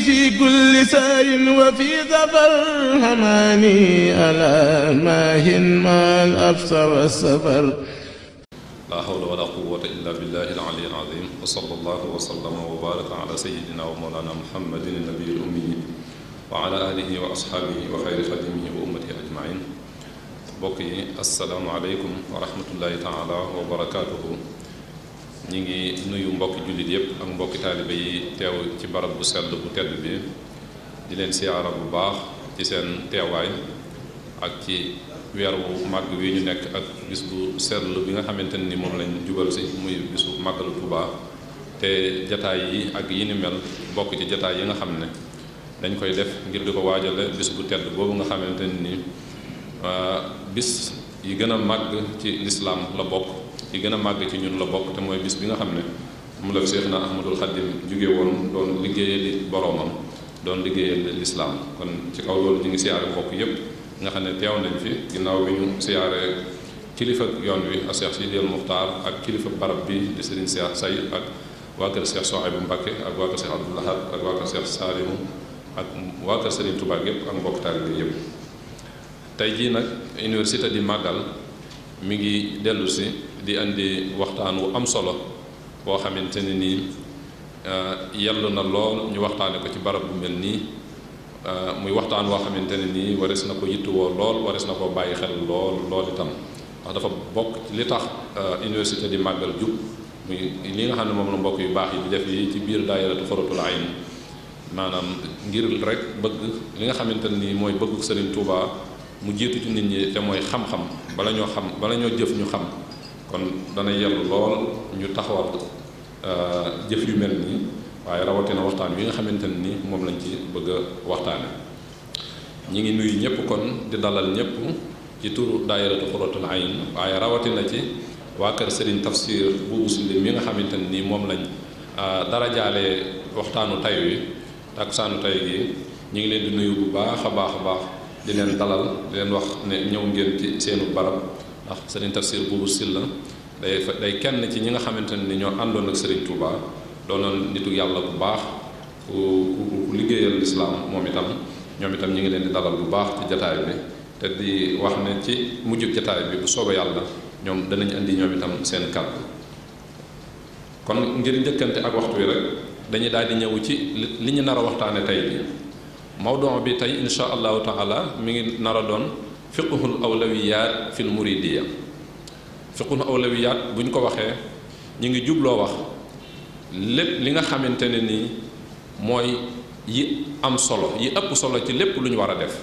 في كل سار وفي ظفر هماني ألا ماه ما الأبصر السفر لا حول ولا قوة إلا بالله العلي العظيم وصلى الله وسلم وبارك على سيدنا ومولانا محمد النبي الأمي وعلى آله وأصحابه وخير خدمه وأمته أجمعين بقي السلام عليكم ورحمة الله تعالى وبركاته ñi ngi nuyu mbokki jullit yëpp ak mbokki taalibe yi teew ci barab bu sell bu tedd bi di leen siyaara bu baax ci seen teewaay ak ci weer wu màgg wi ñu nekk ak bis bu sell bi nga xamante ni moom lañ jubal si muy bisu màggalu Tuubaa te jataay yi ak yi ni ci jataay yi nga xam ne dañ koy def ngir di ko waajale bis bu tedd boobu nga xamante ni ah, bis yi gën a màgg ci lislaam la bokk yi gën a ci ñun la bok te moy bis bi nga xamné mu la cheikhna ahmadul khadim juggé won doon liggéeyali boromam doon liggéeyal l'islam kon ci kaw lolu ñu ngi siyaare bok yépp nga xamné téw nañ fi ginnaw bi ñu siyaare kilifa yoon wi a cheikh sidi del muftar ak kilifa barab bi di serigne cheikh sayyid ak waa kër seex soxaybu mbàkke ak waa kër seex abdulahab ak waa kër seex saalimu ak waa kër sëriñ tubaa yépp ak mbokk taalibe yépp tay ji nak université di magal mi ngi dellu si di andi waxtaan wu am solo bo xamanteni ni nii yell na lool ñu waxtaane ko ci barab bu melni nii muy waxtaan wo xamanteni ni waris na ko wo lool waris na ko bàyyi xel lool lool itam wax dafa bokk li tax université di magal jub muy li nga xamne mom la mbokk yu bax yi di def yi ci biir daayiratu faratul ayn manam ngir rek bëgg li nga xamanteni ni moy mooy bëgg Serigne Touba mu jiitu ci nit ñi te moy xam-xam bala ñoo xam bala ñoo jëf ñu xam kon dana yellu lool ñu taxawal euh, jëf yu mel nii waaye rawatina waxtaan wi nga xamante nii moom lañ ci bëgg a waxtaane ñi ngi nuyu ñëpp kon di dalal ñëpp ci turu daayiratu xuratul ayn waaye rawatina ci waa kër Serigne Tafsir Boubou Sile mi nga xamante nii moom lañ euh, dara jaalee waxtaanu tay wi takkusaanu tay gi ñu ngi leen di nuyu bu baax a baax a baax di leen dalal di leen wax ne ñëw ngeen ci seenu barab ndax sëriñ tafsir buubu silla day day kenn ci ñi nga xamante ne ni ñoo àndoon ak sëriñ Touba doonoon nitu yàlla bu baax ku ku liggéeyal lislaam moom itam ñoom itam ñu ngi leen di dalal bu baax ci jataay bi te di wax ne ci mujjub jataay bi bu sooba yàlla ñoom danañ indi ñoom itam seen kàddu kon ngir njëkkante ak waxtu wi rek dañuy daal di ñëw ci li ñu nar a waxtaane tey bi mawdon bi tey insha allahu taala mi ngi nara doon fiqhul awlawiyaat fil muridiya fiqhul awlawiyaat buñ ko waxee ñu ngi jubloo wax lépp li nga xamante ne nii mooy yi am solo yi ëpp solo ci lépp lu ñu war a def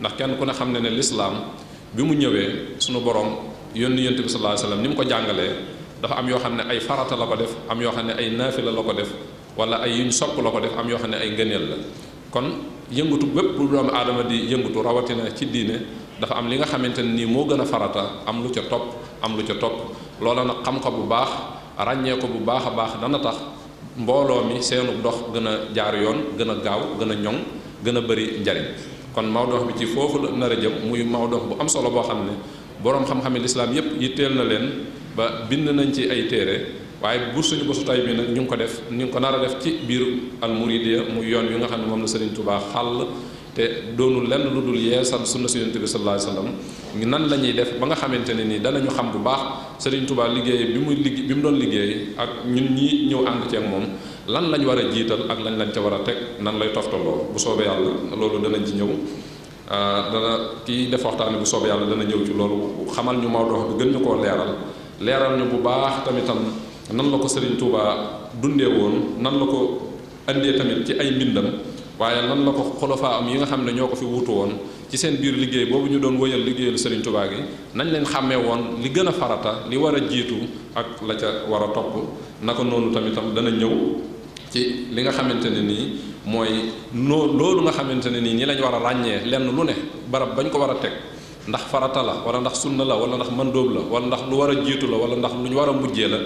ndax kenn ku ne xam ne ne lislaam bi mu ñëwee sunu borom yónni yonent bi sallallahu alayhi wasallam ni mu ko jàngalee dafa am yoo xam ne ay farata la ko def am yoo xam ne ay naafila la ko def wala ay yuñ sopp la ko def am yoo xam ne ay ngëneel la kon yëngatu bépp lu doomu aadama di yëngatu rawatina ci diine dafa am li nga xamante ne nii moo gën a farata am lu ca topp am lu ca topp loola nag xam ko bu baax ràññee ko bu baax a baax dana tax mbooloo mi seenu dox gën a jaar yoon gën a gaaw gën a ñoŋ gën a bëri njariñ kon mawdox bi ci foofu nar a jëm muy mawdox bu am solo boo xam ne boroom xam-xame lislaam yépp teel na leen ba bind nañ ci ay téere waaye bu suñu bésu tay bi nag ñu ngi ko def ñu ngi ko nar a def ci biir al muridiya muy yoon wi nga xam ne moom la Sëriñ Tuubaa xàll te doonu lenn lu dul yeesal sunna si yonent bi sallallahu alayhi nan la ñuy def ba nga xamante ne nii danañu xam bu baax sëriñ Touba liggéey bi muy liggéey bi mu doon liggéey ak ñun ñi ñëw ànd ceeg moom lan lañ war a jiital ak lan lañ ca war a teg nan lay toftaloo bu soobee yàlla loolu danañ ci ñëw ah, dana kii def waxtaane bu soobee yàlla dana ñëw ci loolu xamal ñu Maodo bi gën ñu koo leeral leeral ñu bu baax tamitam nan la ko sëriñ Touba dundee woon nan la ko indee tamit ci ay mbindam waaye lan la ko xulafaa am yi nga xam ne ñoo ko fi wuutu woon ci seen biir liggéey boobu ñu doon wëyal liggéeyalu Serigne Touba gi nañ leen xàmmee woon li gën a farata li war a jiitu ak la ca war a topp naka noonu tamitam dana ñëw ci li nga xamante ne nii mooy noo loolu nga xamante ne nii ñi lañ war a ràññee lenn lu ne barab bañ ko war a teg ndax farata la wala ndax sunna la wala ndax mandóob la wala ndax lu war a jiitu la wala ndax lu ñu war a mujjee la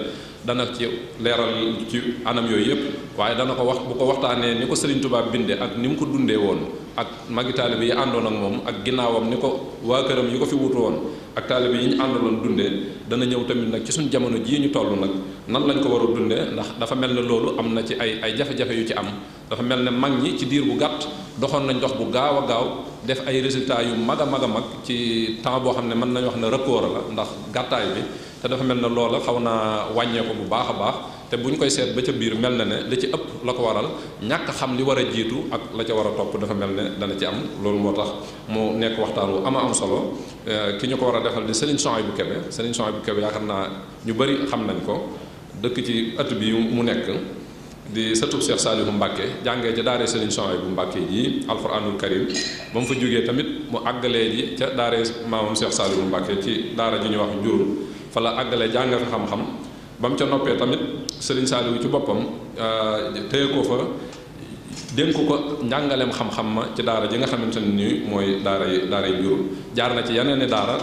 dana ci leeral ci anam yooyu yëpp waaye dana ko wax bu ko waxtaanee ni ko Serigne tubaab bindee ak ni mu ko dundee woon ak magi taalibe yi àndoon ak moom ak ginnaawam ni ko waa këram yi ko fi wutu woon ak taalibe yi ñu àndaloon dundee dana ñëw tamit nag ci suñu jamono jii ñu tollu nag nan lañ ko war a dundee ndax dafa mel ne loolu am na ci ay ay jafe-jafe yu ci am dafa mel ne mag ñi ci diir bu gàtt doxoon nañ dox bu gaaw a gaaw def ay résultats yu mag a mag a mag ci temps boo xam ne mën nañu wax ne record la ndax gàttaay bi dafa mel ne loola xaw naa wàññeeku bu a baax te bu ñu koy seet ba ca biir mel na ne li ci ëpp la ko waral ñàkk xam li war a jiitu ak la ca war a topp dafa mel ne dana ci am loolu moo tax mu nekk waxtaan wu am am solo eh, ki ñu ko war a defal di Serigne Souhaïbou Kébé Serigne Souhaïbou yaa yaakaar naa ñu bari xam nañ ko dëkk ci ëtt bi mu nekk di satub Cheikh Saliou Mbacke jàngee ca daare Serigne Souhaïbou bu Mbacke ji alxuraanul karim ba mu fa jógee tamit mu àggalee ji ca daare maamam Cheikh Saliou bu Mbacke ci daara ji ñuy wax njuur fa la àggalee jànga fa xam-xam ca noppee tamit Serigne Saliou ci boppam euh, téye ko fa dénk ko njàngaleem xam-xam ma ci daara ji nga xamante ne nii mooy daara yi daara yi njuur jaar na ci yeneen i daara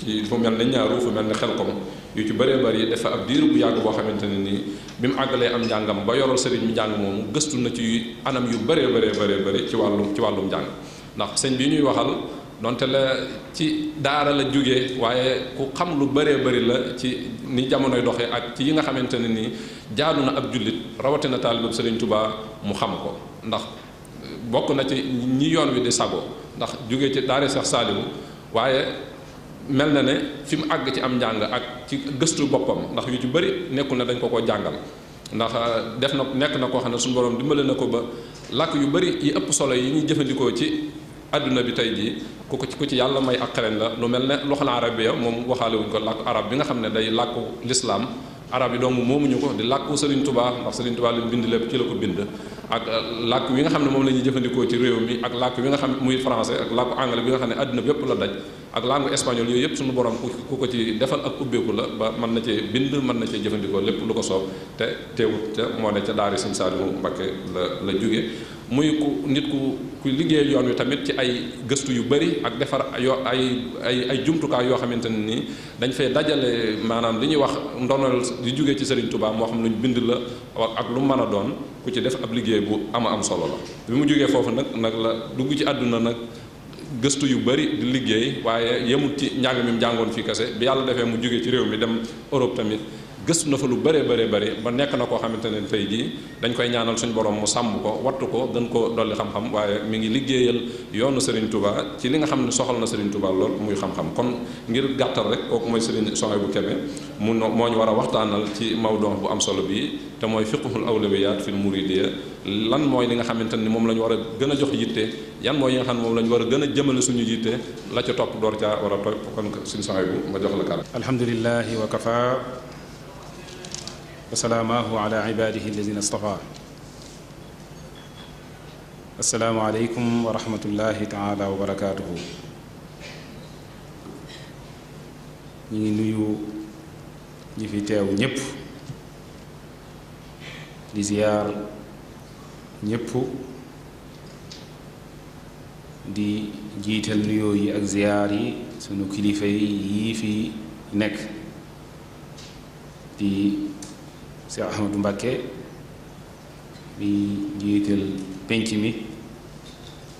ci fu mel ni ñaaru fu mel ni xelkom yu ci bëree bëri dafa ab diir bu yàgg boo xamante ne nii bi mu àggalee am njàngam ba yorol sëriñ mu njàng moomu gëstu na ci anam yu bëree bëree bëree bëri ci wàllum ci wàllum njàng ndax sëñ bi ñuy waxal donte la ci daara la jógee waaye ku xam lu bëree bëri la ci ni jamonoy doxee ak ci yi nga xamante ne nii jaadu na ab jullit rawatina taalibab sëriñ Tuubaa mu xam ko ndax bokk na ci ñi yoon wi di sago ndax jóge ci daara sax Saaliwu waaye mel na ne fi mu àgg ci am njàng ak ci gëstu boppam ndax yu ci bëri nekkul na dañ ko ko jàngal ndax euh, def na nekk na koo xam ne suñu borom dimbale na ko ba làkk yu bari yi ëpp solo yi ñuy jëfandikoo ci àdduna bi tey jii ku ko ku ci yàlla may ak xereñ la lu mel ne lu loxal arabiya moom waxaale wuñ ko làkk arab bi nga xam ne day làkku lislaam arab yi dong moomuñu ko di làkku Serigne Touba ndax Serigne Touba lim bind lépp ci la ko bind ak euh, làkk wi nga xam ne moom la ñuy jëfandikoo ci réew mi ak làkk wi nga xam muy français ak làkku anglais bi nga xam ne àddina bi yëpp la daj ak langue espagnole yooyu yëpp suñu borom ku ko ci defal ak ubbeeku la ba mën na cee bind mën na cee jëfandikoo lépp lu ko soob te teewut te moo ne ca daari Serigne Saliou Mbacké la la jóge muy ku nit ku ku liggéey yoon wi tamit ci ay gëstu yu bëri ak defar yoo ay ay ay jumtukaay yoo xamante ne nii dañ fay dajale maanaam li ñuy wax ndonal di jógee ci Serigne Touba moo xam lu ñu bind la ak lu mën a doon ku ci def ab liggéey bu ama am solo la. bi mu jógee foofu nag nag la dugg ci àdduna nag gëstu yu bëri di liggéey waaye yemut ci njàng mi mu jàngoon fii kese bi yàlla defee mu jógee ci réew mi dem Europe tamit. gëstu na fa lu bëree bëree bëri ba nekk na koo xamante ne tey jii dañ koy ñaanal suñu borom mu sàmm ko wattu ko dañ ko dolli xam-xam waaye mi ngi liggéeyal yoonu Serigne tubaa ci li nga xam ne soxal na sëriñ tubaa lool muy xam-xam kon ngir gàttal rek kooku mooy Serigne Souhaïbou Kébé mu moo ñu war a waxtaanal ci mawdu bu am solo bii te mooy fiqhul awliyaat fil muridiyya lan mooy li nga xamante ni moom la ñu war a gën a jox yitte yan mooy yi nga xam ne moom la ñu war a gën a jëmale suñu yitte la ca topp door caa war a topp kon Serigne Souhaïbou ma jox la kàddu وسلاماه على عباده الذين اصطفى السلام عليكم ورحمة الله تعالى وبركاته ñu ngi nuyu ñi fi teew ñépp di ziyaar ñépp di jiital nuyoo yi ak ziyaar yi sunu kilifa yi fi nekk di Cheikh Ahmadou Mbacke bi jiital penc mi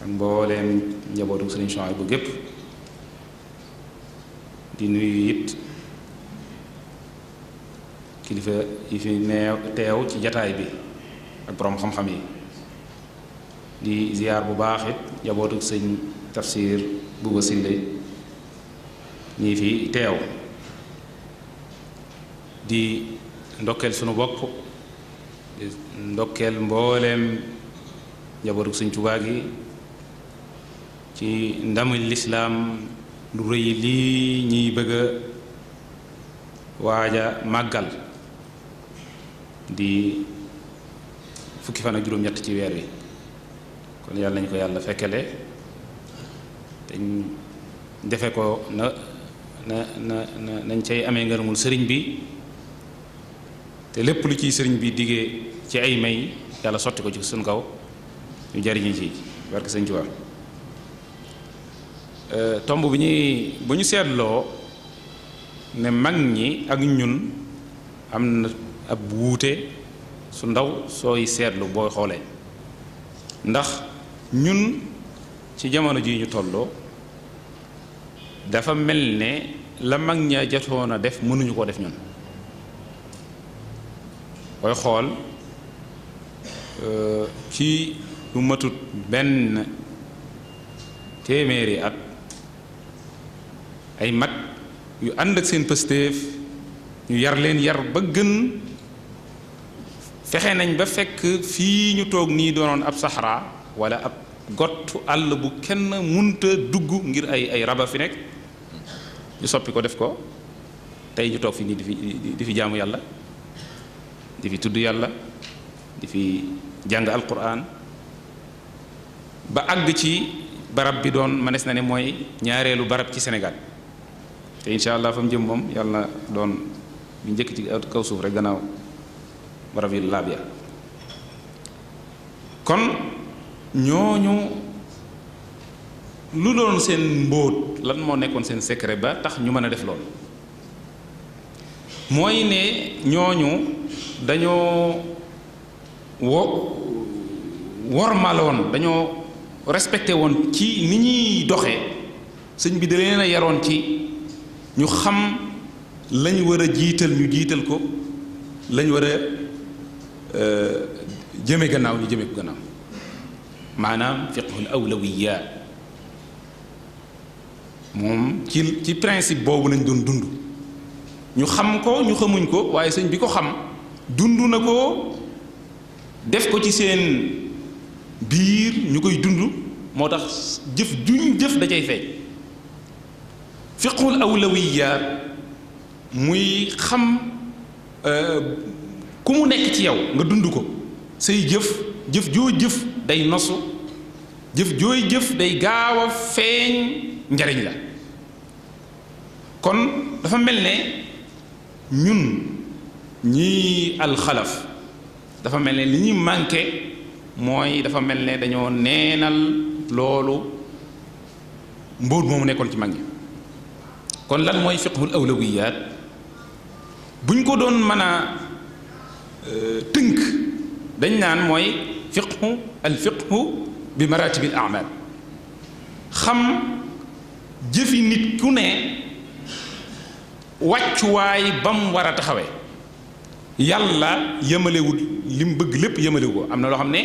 ak mbooleem njabootu Serigne Chouaïbou bu gépp di nuyu it kilifa yi fi neew teew ci jataay bi ak boroom xam-xam yi di ziyaar bu baax it njabootu sëñ tafsir Bouba ñii fi teew di ndokkeel sunu bopp ndokkeel mbooleem njabootu Sëñ Tuubaa gi ci ndamul lislaam lu rëy lii ñuy bëgg waaja màggal di fukki fan ak juróom-ñett ci weer wi kon yàlla nañu ko yàlla fekkele te defe ko na na na nañ cay amee ngërëmul sëriñ bi te lépp lu ciy sëriñ bi diggee ci ay may yàlla sotti ko ci suñ kaw ñu jariñu ci barke sëñ Tuubaa euh, tomb bi ñuy bu ñu seetloo ne mag ñi ak ñun am na ab wuute su ndaw sooy seetlu booy xoolee ndax ñun ci jamono ji ñu tolloo dafa mel ne la mag ña jotoon a def mënuñu koo def ñun koy xool ci lu matut ben téméré at ay mag yu ànd ak seen pëstéef ñu yar leen yar ba gën fexe nañ ba fekk fi ñu toog nii doonoon ab sahara wala ab gottu àll bu kenn munta dugg ngir ay ay raba fi nekk ñu soppi ko def ko tey ñu toog fi ni di fi di fi jaamu yàlla di fi tuddu yalla di fi jang alquran ba ag ci barab bi don manes na ne moy ñaarelu barab ci senegal te inshallah allah jëm mom yalla na bi njëkk ci kaw suuf rek gannaaw barab yi ya. kon ñoñu lu doon seen mbóot lan moo nekkoon seen secret ba tax ñu mën a def lool mooy ne ñooñu dañoo wo wormal woon dañoo respecté woon ci ni ñuy doxee sëñ bi da leen a yaroon ci ñu xam lañ war a jiital ñu jiital ko lañ war a euh, jëme gannaaw ñu jëme ko gannaaw maanaam fiqhul awlawiya moom ci ci principe boobu lañ doon dund ñu xam ko ñu xamuñ ko waaye sëñ bi ko xam dund na ko def ko ci seen biir ñu koy dund moo tax jëf juñ jëf da cay feeñ fiqul awlawiyaat muy xam euh, ku mu nekk ci yow nga dund ko say jëf jëf joo jëf day nosu jëf jooy jëf day gaaw a feeñ njariñ la kon dafa mel ne ñun ni al khalaf dafa melni li ñi manké moy dafa melni ne nénal lolu loolu mom nekkon ci mangi kon lan mooy fiqhul awlawiyat buñ ko doon mën euh teunk dañ nan moy fiqhu al fiqhu bi maratib al amal xam jëfi nit ku ne waccu way bam wara taxawé yàlla yemalewul li mu bëgg lépp yemalewu ko am na loo xam ne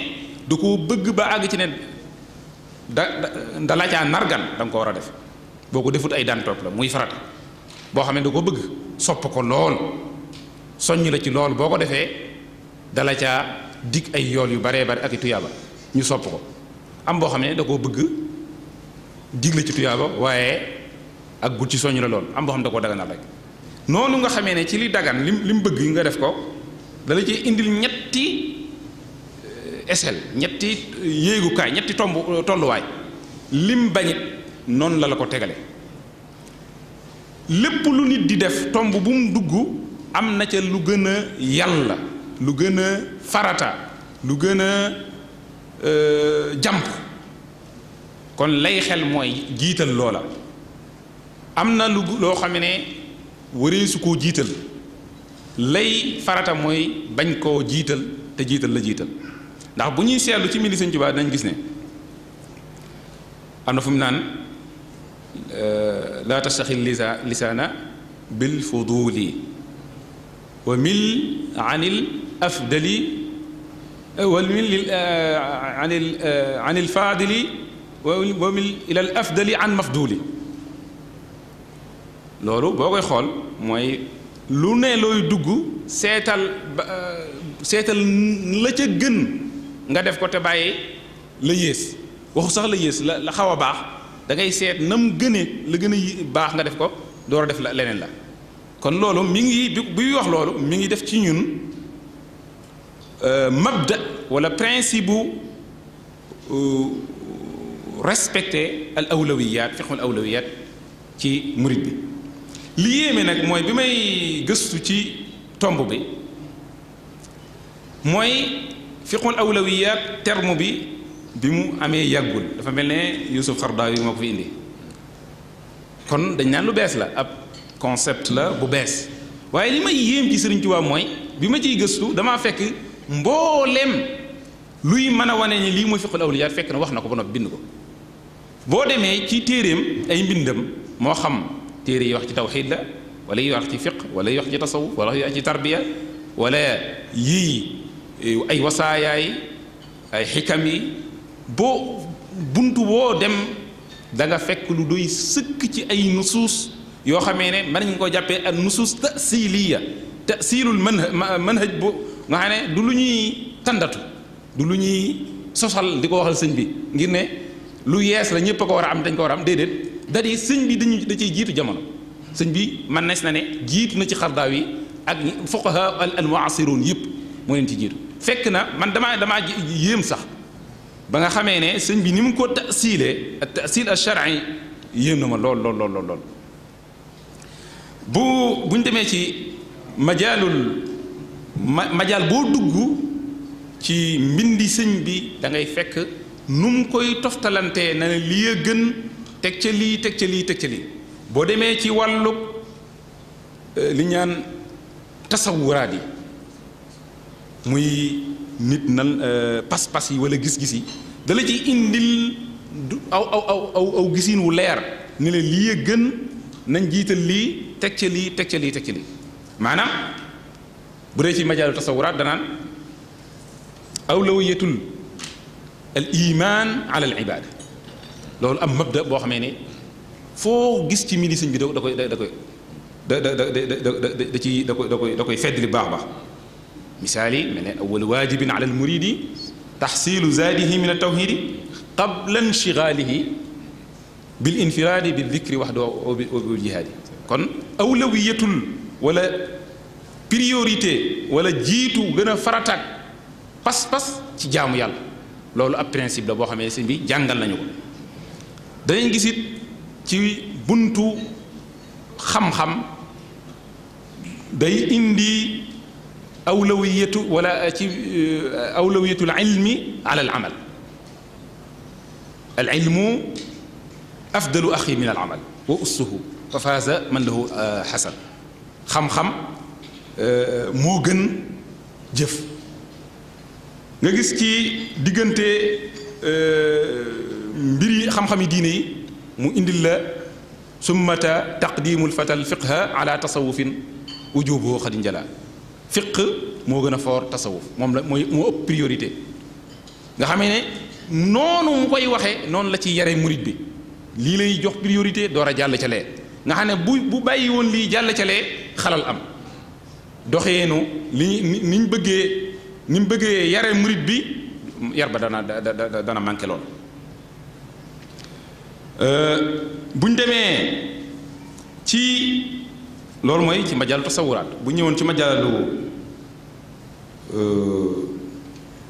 du ko bëgg ba àgg ci ne da da la caa nargan da ko war a def boo ko defut ay daan topp la muy farata boo xam ne da ko bëgg sopp ko lool soññ la ci lool boo ko defee dala ca dig ay yool yu baree bare ak i tuyaaba ñu sopp ko am boo xam ne da koo bëgg dig la ci tuyaaba waaye ak gut ci soññ la lool am boo xam ne da koo daganal rek noonu nga xamee ne ci li dagan lim lim bëgg yi nga def ko dala ci indi ñetti esel euh, ñetti euh, yéegukaay ñetti tomb euh, tolluwaay lim bañit noonu la la ko tegale lépp lu nit di def tomb bum mu dugg am na ca lu gën a yàlla lu gën a farata lu gën a jàmp kon lay xel mooy jiital loola am na lu loo xam ne wëreesu koo jiital lay farata mooy bañ koo jiital te jiital la jiital ndax bu ñuy seetlu ci mbindi Sëñ Tuubaa dañ gis ne am na fu mu naan laa tastaxil lisa lisaana bil fuduli wa mil anil afdali wal mil anil anil faadili wa mil ila al afdali an mafduli lolu boo xol moy lu ne loy dugg setal setal la ca gën nga def ko te baye le yes waxu sax le yes la xawa bax da ngay set nam gëne le gën a baax nga def ko door a def la leneen la kon lolu mi ngi bu wax lolu mi ngi def ci ñun mabda wala principe respecter al awlawiyat fiqhul awlawiyat ci mouride bi li yéeme nag mooy bi may gëstu ci tomb bi mooy fiqul awlawiyaat termo bi bi mu amee yàggul dafa mel ne Yusuf Xardaawi moo ko fi indi kon dañ naan lu bees la ab concept la bu bees waaye li may yéem ci Sëriñ Tuubaa mooy bi ma ciy gëstu damaa fekk mbooleem luy mën a wane ni lii mooy fiqul awliyaat fekk na wax na ko ba noppi bind ko boo demee ci téeréem ay mbindam moo xam Tiri yi wax ci tawxid la wala yi wax ci fiq wala yi wax ci tasawuf wala yi wax ci tarbiya yii ay wasaayaay ay xikam yi boo buntu boo dem da nga fekk lu doy sëkk ci ay nusuus yoo xamee ne mën nañ ko jàppee manhaj bu nga xam ne du lu ñuy tandatu du lu ñuy sosal di ko waxal sëñ bi lu yees la ñëpp ko war a ko war a dadi sëñ bi dañu da ci jitu jamono sëñ bi man nañ na ne jitu na ci xardaaw ak fuqaha al anwa'sirun yep mo len ci jitu fek na man dama dama yem sax ba nga xamé ne sëñ bi nim mu ko tasilee tasil al shar'i yem na ma lol lol lol lool bu buñ démé ci majalul majal bo duggu ci mbindi sëñ bi da ngay fek num koy toftalante na li ye gën teg ca lii teg ca lii teg ca lii boo demee ci wàllub euh, li ñaan tasawuraat yi muy nit nan euh, pas-pas yi wala gis-gis yi dala ci indil du aw aw aw aw gisiin wu leer ni la lii a gën nañ jiital lii teg ca lii teg ca lii teg ca lii maanaam bu dee ci majaalu tasawuraat danaan awlawiyatul al iman ala al loolu am mëbda boo xamee ne foo gis ci mili sëñ bi da koy da koy da da da da da ci da koy da koy da koy feddli baax baax misaal yi mel ne awal waajibin ala al muridi taxsilu zaadihi min altawxidi qabla inchigaalihi bil infiraadi bi dicri waxdo aw bil jihaadi kon awlawiyatul wala priorité wala jiitu gën a farataak pas-pas ci jaamu yàlla loolu ab principe la boo xamee sëñ bi jàngal nañu ko dañ gis it ci buntu xam xam day indi awlawiyatu wala العلم على العمل العلم افضل اخي من العمل واسه ففاز من له حسن خم خم مو جن جف نغيس كي mbiri xam-xami diine yi mu indil la summata taqdimul fatal fiqha ala tasawufin wujubu khadin jala fiq mo gëna for tasawuf mom la moy mo priorité nga xamé ne nonu mu koy waxé non la ci yare mourid bi li lay jox priorité door a jàll ci lé nga xam bu bu bàyyi won li jàll ci lé xalal am doxeenu li niñ bëggé niñ bëggé yare mourid bi yarba dana dana manké lool buñ démé ci lool moy ci majalu tasawurat bu ñewon ci majalu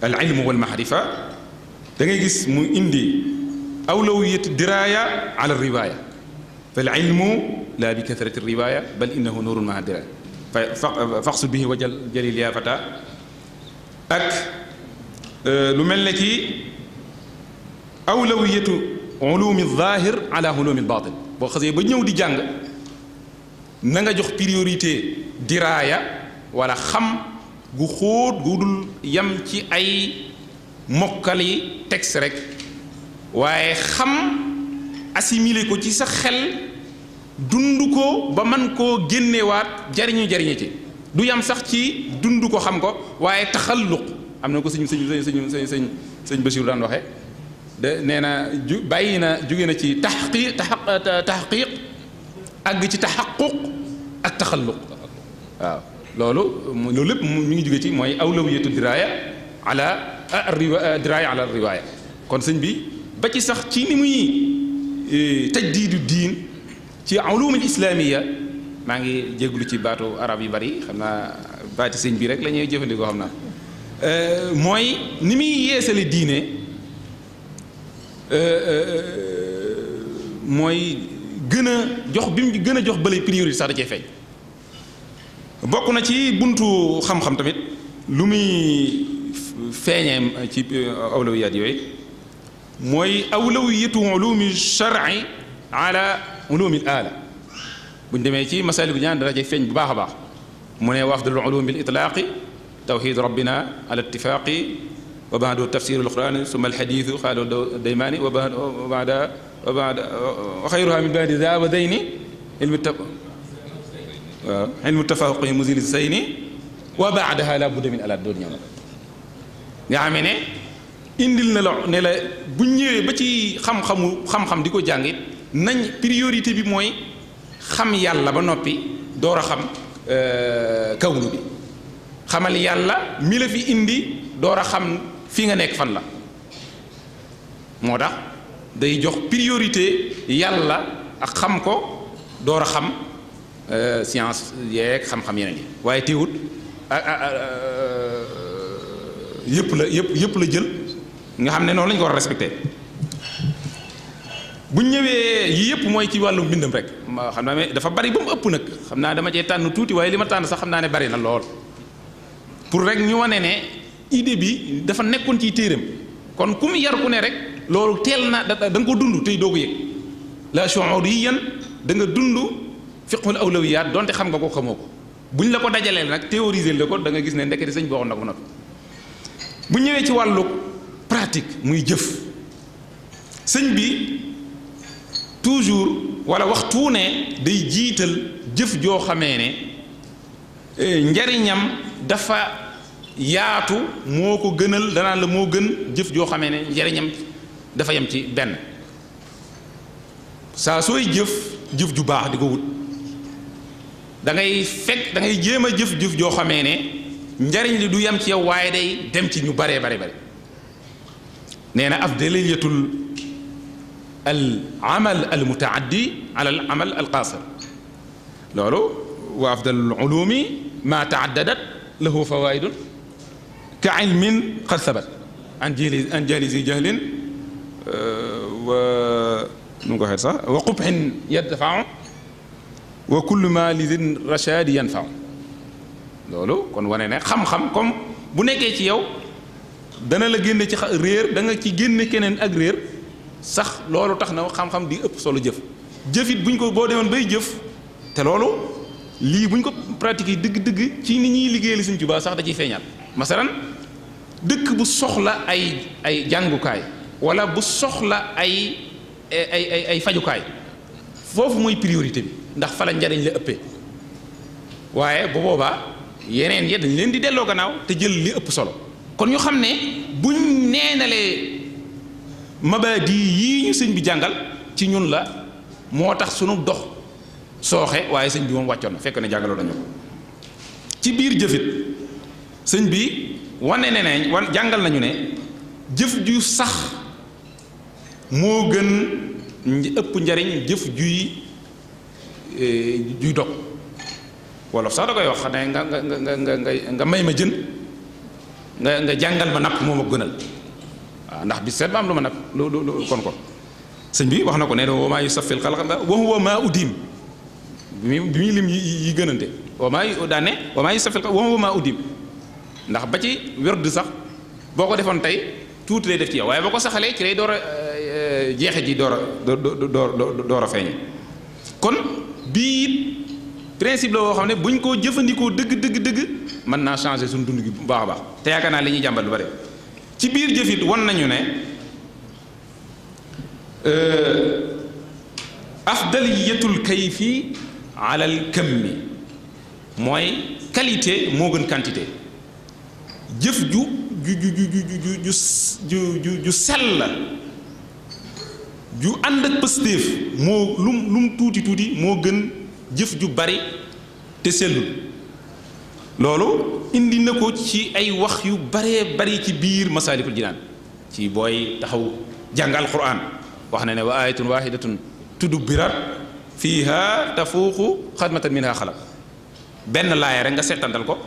al ilm wal ma'rifa da ngay gis mu indi awlawiyat diraya ala riwaya fal ilm la bi kathrat لا riwaya bal innahu nurun نور faqsu bihi wajal jalil ya fata ak euh lu melni ci أولوية علوم الظاهر على علوم الباطن بو خازي با نييو دي جانغ ناغا جوخ بريوريتي درايا ولا خم غو خوت غودول يام تي اي موكالي تكست ريك واي خم اسيميلي كو تي سا خيل دوندوكو با مان كو генي وات جارينيو جارينيتي دو يام ساخ تي دوندوكو خام كو واي تخلق امنا كو سيني سيني سيني سيني سيني بشير دان واخه نينا باينا جوغينا سي تحقيق تحق تحقيق اك سي تحقق اك تخلق واو لولو لولب ميغي جوغي سي موي اولويه الدرايه على الدرايه على الروايه كون بي با سي صح تجديد الدين سي علوم الاسلاميه ماغي جيغلو سي باتو عربي بري خمنا باتي سيغ بي رك لا نيو جيفاندي كو خمنا موي نيمي دينه mooy gën a jox bi mu gën a jox bële priorité sax da cee feeñ bokk na ci buntu xam-xam tamit lu muy feeñee ci awlawiyaat yooyu mooy awlawiyatu ulumi shar'i ala ulumi al-ala bu ñu demee ci masaliku ñaan dara cee feeñ bu baax a baax mu ne wa afdalul ulum bil itlaaqi tawxid rabbina ala ittifaaqi وبعده التفسير القرآني ثم الحديث قال الديماني وبعد وبعد وبعد وخيرها من بعد ذا وذين علم التفاق علم التفاقه مزيل الزين وبعدها لابد من على الدنيا nga xamee ne indil na la ne la bu ñëwee ba ci xam-xamu xam-xam di ko jàngit nañ priorité bi mooy xam yàlla ba noppi door a xam kawlu bi xamal yàlla mi la fi indi door a xam fii nga nekk fan la moo tax day jox priorité yàlla ak xam ko door a xam euh, science yeeg xam-xam yeneen yi waaye teewut euh, yëpp la yëpp yëpp la jël nga xam ne noonu la ko war a respecté bu ñëwee yi yëpp mooy ci wàllu mbindam rek xam naa ne dafa bari ba mu ëpp nag xam naa dama jee tànn tuuti waaye li ma tànn sax xam naa ne bari na lool pour rek ñu wane ne. idée bi dafa nekkoon ci téeram kon ku yar ku ne rek loolu teel na da nga ko dund tey doo ko yëg la shuuriyan da nga dund fiqhul awlawiyaat donte xam nga ko xamoo ko buñ la ko dajaleel nag théoriser la ko da nga gis ne ndekete sëñ bi waxoon na ko noppi bu ñëwee ci wàllu pratique muy jëf sëñ bi toujours wala waxtu ne day jiital jëf joo xamee ne eh, njariñam dafa yaatu moko ko da danaan la mo gën jëf jo xamee ne njariñam dafa yam ci ben sa soy jëf jëf ju baax diko wut da ngay fek da ngay jema jëf jëf jo xamee ne njariñ li du yam ci yow waye day dem ci ñu bare bare bare neena na afdaliyatul al amal al mutaaddi ala al amal al qaasir loolu wa afdalul ulumi ma taaddadat lahu fawaidun كعلم قد ثبت عن جالس جهل أه و وقبح يدفع وكل ما لذن رشاد ينفع لولو كون وانا خم خم كوم بو نيكي سي ياو دا نا لا ген سي رير دا نغا سي ген كينن اك رير صح لولو تخنا خم خم دي اوب سولو جيف جيفيت بو نكو بو ديمون باي جيف تا لولو لي بو نكو براتيكي دغ دغ سي ني ني ليغيلي سن تيبا صح دا سي فينال مثلا dëkk bu soxla ay ay jàngukaay wala bu soxla ay ay ay ay fajukaay foofu mooy priorité bi ndax fa la njariñ la ëppee waaye bu boobaa yeneen ya dañ leen di delloo gannaaw te jël li ëpp solo kon ñu xam ne buñ neenale mabaadi yii ñu sëñ bi jàngal ci ñun la moo tax sunu dox sooxe waaye sëñ bi moom wàccoon na fekk na jàngaloo nañu ci biir jëfit sëñ bi wane ne ne wan jàngal nañu ne jëf ju sax moo gën ëpp njariñ jëf juy e, juy dog wolof sax da koy wax ne nga nga nga nga nga may ma jën nga nga jàngal ma napp moo ma gënal waaw ndax bi seet ba am lu ma napp lu lu lu kon kon sëñ bi wax na ko nee na wa maa yusaffil xalqa wa huwa maa udim bi muy lim yi gënante wa maa daa ne wa maa yusaffil xalqa wa huwa maa udim ndax ba ci werd sax boko defon tay tout lay def ci yow waye boko saxale ci lay dora a jeexe ji dora dora dora feñ kon bi principe la boo xam buñ ko jëfëndiko deug deug deug man na changer sun dund gi bu baax baax te yaakaar naa li ñuy jàmbat lu ci biir jëfit won nañu ne euh afdaliyatul kayfi ala al kam moy qualité mo gën quantité jëf ju ju ju ju ju ju ju ju ju ju sell ju ànd ak positif mo lum lum tuti-tuti mo gën jëf ju bari té sellul lolu indi nako ci ay wax yu bare bare ci bir masalikul jinan ci boy taxaw jangal quran wax na ne wa ayatun wahidatun tudubbirat fiha tafuqu xadmatan minha khalaq ben laye rek nga setandal ko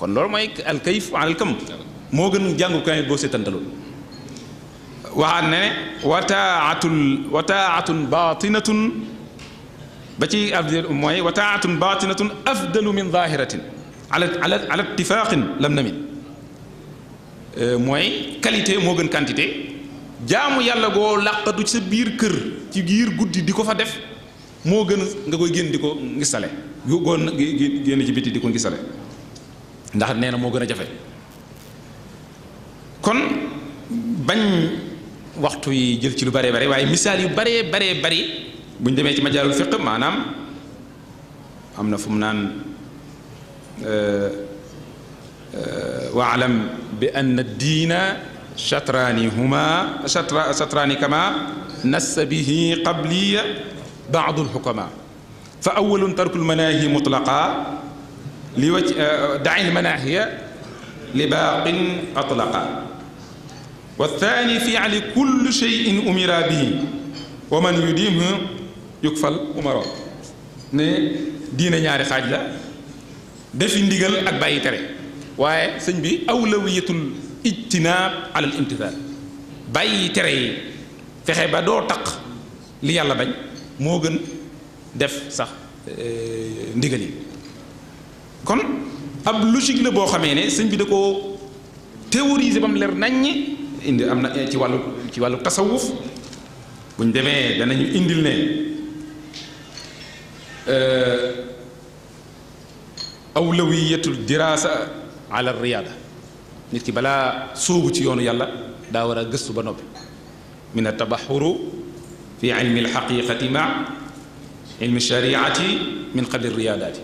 kon loolu mooy alkayf anal kam mo gën jàngukaay boo seetantalul waxaat ne ne wataatul wataatun batinatun ba ci moy wataatun batinatun afdalu min zahiratin ala ala ala ittifaq lam namin moy qualité mo gën quantité jaamu yàlla go làqatu ci bir keur ci biir guddi diko fa def mo gën nga koy gën diko ko ngisale yu gon gën ci biti diko ko ngisale ndax neena mo gëna jafe kon bañ waxtu yi jël ci lu bari bari waye misal yu bari bari bari buñ démé ci fiqh manam majaalul fiq maanaam am na fu mu naan واعلم بأن الدين شطران هما شطر شطران qabli ba'd al-hukama fa الحكماء tarku al-manahi مطلقا آه، آه، دعي المناهية لباق أطلق والثاني فعل كل شيء أمر به ومن يديمه يكفل أمره ني دين نياري خاج لا ديفين ديغال تري واي سيغ اولويه الاجتناب على الامتثال باي تري فخي با دو تاق لي يالا باج مو گن ديف صح ديغالي kon ab logique la bo xamé ne sëñ bi dako théoriser bam lér nañ ni indi amna ci walu ci walu tasawuf buñ demee danañu indil ne euh awlawiyatul dirasa ala riyada nit ki bala sóobu ci yoonu yàlla da wara a gëstu ba nopi min atabaxuru fi ilmi alxaqiqati ma ilmi shariati min qabli riyadati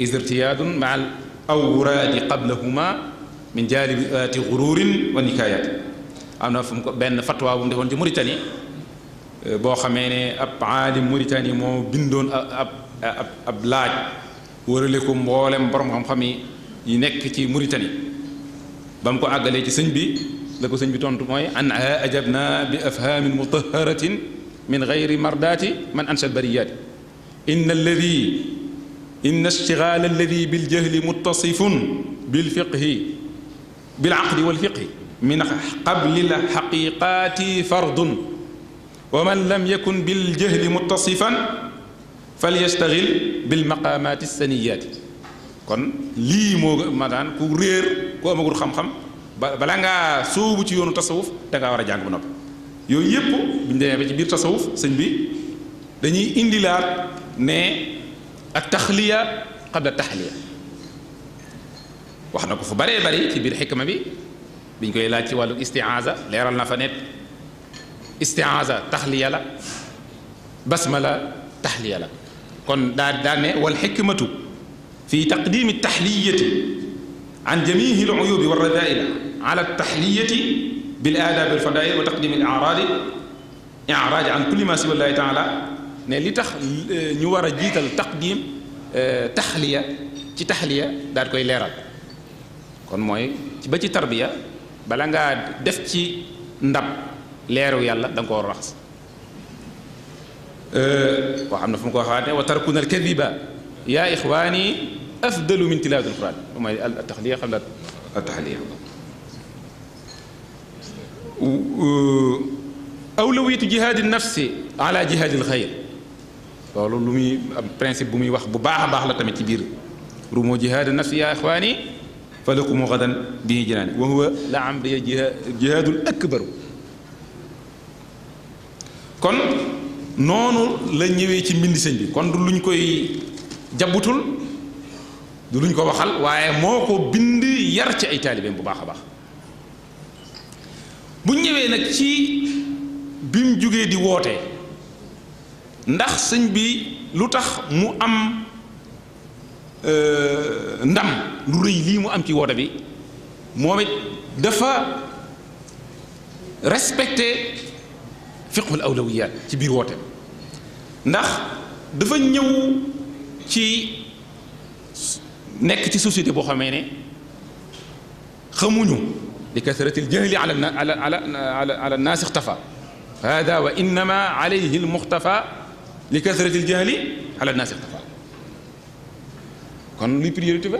إذ ارتياد مع الأوراد qablahuma min jaalibaati gururin wa nikaayat am na benn fatwa bu mu defoon ci Mauritanie boo xamee ne ab aalim Mauritanie moo bindoon ab ab ab laaj wërale ko mboolem borom xam-xam yi nekk ci Mauritanie ba mu ko àggalee ci sëñ bi la ko sëñ bi tontu mooy an ajabna bi afhamin mutaharatin min gayri mardaati man ansha albariyaati inna alladi إن الشغال الذي بالجهل متصف بالفقه بالعقد والفقه من قبل الحقيقات فرض ومن لم يكن بالجهل متصفا فليشتغل بالمقامات السنيات كن لي مو مدان كو رير كو امغول خم خم بلاغا سوبو تي يونو تصوف دا غا ورا جانغ نوب يوي ييب بين ديي بي تصوف سن بي دانيي اندي لات ني التخلية قبل التحلية وحنا كفو بري بري في بير حكمة بي بينكو يلاتي والو استعازة ليرالنا فنيت استعازة تخلية لا بسمة لا تحلية لا كون دا داني والحكمة في تقديم التحلية عن جميع العيوب والرذائل على التحلية بالآداب الفضائل وتقديم الإعراض إعراض عن كل ما سوى الله تعالى ne li tax ñu wara jital taqdim tahliya ci tahliya daal koy leral kon moy ci ba ci tarbiya bala nga def ci ndab leru yàlla da ko war euh wa wax fu ko waxaat wa tarkuna al kadhiba ya ikhwani افضل من تلاوه القران وما التحليه قبل التحليه أولوية جهاد النفس على جهاد الخير lolou lu muy principe bu muy wax bu baax baax la tamit ci biir ruumoo jihad an-nafs ya ikhwani falakum ghadan bi jinan wa huwa la am bi jihad al-akbar kon nonu la ñewé ci mbind sëñ bi kon du luñ koy jabutul du luñ ko waxal waye moko bind yar ci ay talibé bu baax baax bu ñewé nak ci bi mu di woté ndax sëñ bi lutax mu am euh ndam lu reuy li mu am ci woote bi momit dafa respecter fiqh al awlawiyat ci bir woote ndax dafa ñëw ci nek ci société bo xamé ne xamuñu li kasratil jahli ala ala ala ala naas ixtafa hada wa innama alayhi لكثرة الجهل على الناس ارتفع كان لي بريوريتي